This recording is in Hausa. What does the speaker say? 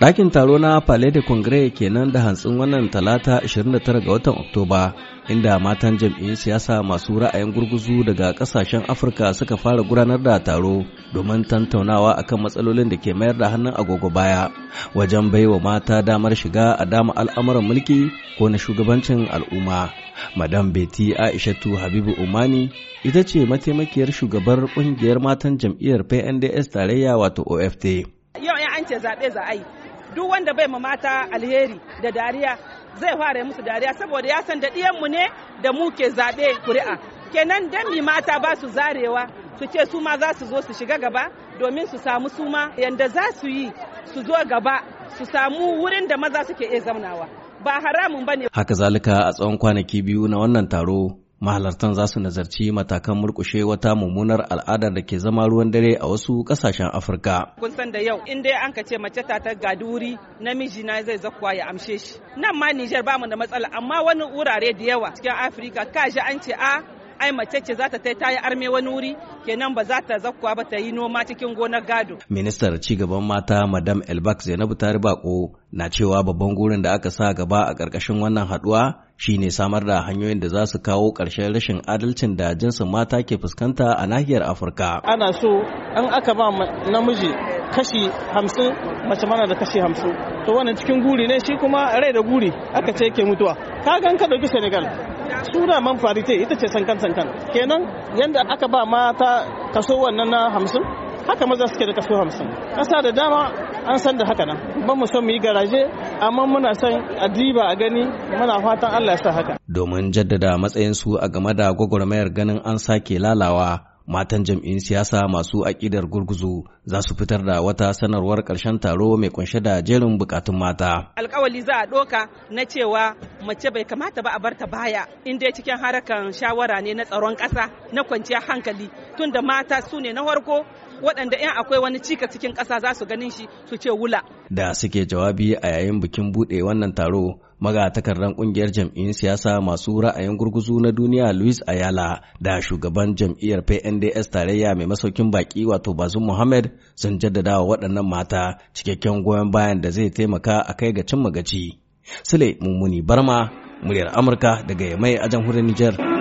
Ɗakin taro na Palais de Congrès kenan da hantsin wannan talata 29 ga watan Oktoba, inda matan jam'iyyun siyasa masu ra'ayin gurguzu daga ƙasashen Afirka suka fara gudanar da taro domin tantaunawa akan matsalolin da ke mayar da hannun agogo baya wajen baiwa mata damar shiga a dama al'amuran mulki ko na shugabancin al'umma. Madam Beti Aishatu Habibu Umani ita ce mataimakiyar shugabar ƙungiyar matan jam'iyyar PNDS tarayya wato OFT. Yau 'yan an ce zaɓe za a yi, duk wanda bai ma mata alheri da dariya zai fara musu dariya saboda ya san da mu ne da mu ke zaɓe ƙuri'a kenan dami mata ba su zarewa su ce su ma za su zo su shiga gaba domin su samu su ma yanda za su yi su zo gaba su samu wurin da maza suke iya zaunawa ba haramun ba ne. Haka zalika a tsawon kwanaki biyu na wannan taro mahalartan za su nazarci matakan murkushe wata mummunar al'adar da ke zama ruwan dare a wasu kasashen afirka kun san da yau in dai an ka ce mace ta ta wuri, namiji na zai zakuwa ya amshe shi nan ma nijar mu da matsala amma wani wurare da yawa cikin afirka kaji an ce a ah, ai mace ce zata ta tai ta yi arme wani wuri kenan ba za ta zakkuwa ba ta yi noma cikin gonar gado. Ministar cigaban mata Madam Elbak Zainabu Tari na cewa babban gurin da aka sa gaba a ƙarƙashin wannan haɗuwa shine samar da hanyoyin da za su kawo ƙarshen rashin adalcin da jinsin mata ke fuskanta a nahiyar Afirka. Ana so an aka ba namiji kashi hamsin mace mana da kashi hamsin to wannan cikin guri ne shi kuma rai da guri aka ce yake mutuwa ka gan ka ɗauki Senegal suna man farite ita ce sankan sankan kenan yanda aka ba mata kaso wannan na hamsin haka maza suke da kaso hamsin kasa da dama an san da haka nan ba mu son mu yi garaje amma muna son a diba a gani muna fatan Allah ya sa haka domin jaddada matsayinsu a game da gwagwarmayar ganin an sake lalawa matan jam'in siyasa masu aƙidar gurguzu za su fitar da wata sanarwar ƙarshen taro mai kunshe da jerin bukatun mata. Alƙawali za a ɗoka na cewa mace bai kamata ba a barta baya in dai cikin harakan shawara ne na tsaron ƙasa na kwanciyar hankali tunda mata su ne na farko waɗanda 'yan akwai wani cika cikin ƙasa za su ganin shi su ce wula. Da suke jawabi a yayin bikin buɗe wannan taro magatakardan kungiyar jam'iyyun siyasa masu ra'ayin gurguzu na duniya Luis Ayala da shugaban jam'iyyar PNDS tarayya mai masaukin baki wato Bazum Muhammad sun jaddada wa waɗannan mata cikakken goyon bayan da zai taimaka a kai ga cimma gaci. Sule Mummuni Barma, muryar Amurka daga Yamai a jamhuriyar Nijar.